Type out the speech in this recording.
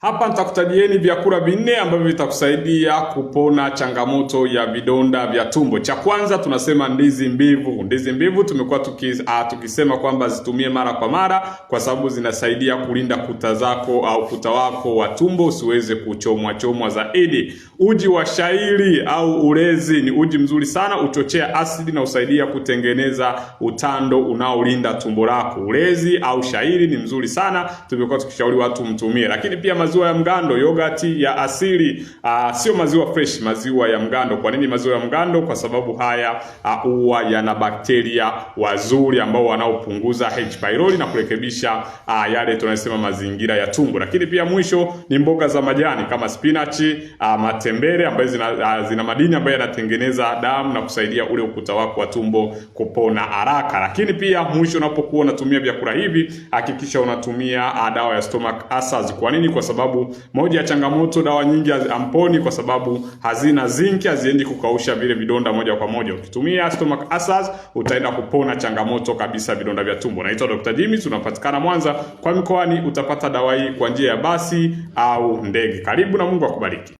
Hapa nitakutajieni vyakula vinne ambavyo vitakusaidia kupona changamoto ya vidonda vya tumbo. Cha kwanza tunasema ndizi mbivu. Ndizi mbivu tumekuwa tuki, ah, tukisema kwamba zitumie mara kwa mara kwa sababu zinasaidia kulinda kuta zako au kuta wako wa tumbo usiweze kuchomwa chomwa zaidi. Uji wa shairi au ulezi ni uji mzuri sana, uchochea asidi na usaidia kutengeneza utando unaolinda tumbo lako. Ulezi au shairi ni mzuri sana, tumekuwa tukishauri watu mtumie. Lakini pia maziwa ya mgando, yogurt ya asili, uh, sio maziwa fresh, maziwa ya mgando. Kwa nini maziwa ya mgando? Kwa sababu haya ah, huwa uh, yana bakteria wazuri ambao wanaopunguza H pylori na kurekebisha uh, yale tunasema mazingira ya tumbo. Lakini pia mwisho ni mboga za majani kama spinach, uh, matembele ambazo zina, uh, zina madini ambayo yanatengeneza damu na kusaidia ule ukuta wako wa tumbo kupona haraka. Lakini pia mwisho, unapokuwa unatumia vyakula hivi, hakikisha unatumia dawa ya stomach acids. Kwa nini? Kwa sababu sababu moja ya changamoto, dawa nyingi hamponi kwa sababu hazina zinki, haziendi kukausha vile vidonda moja kwa moja. Ukitumia stomach acids utaenda kupona changamoto kabisa vidonda vya tumbo. Naitwa Dr. Jimmy, tunapatikana Mwanza kwa mikoani. Utapata dawa hii kwa njia ya basi au ndege. Karibu na Mungu akubariki.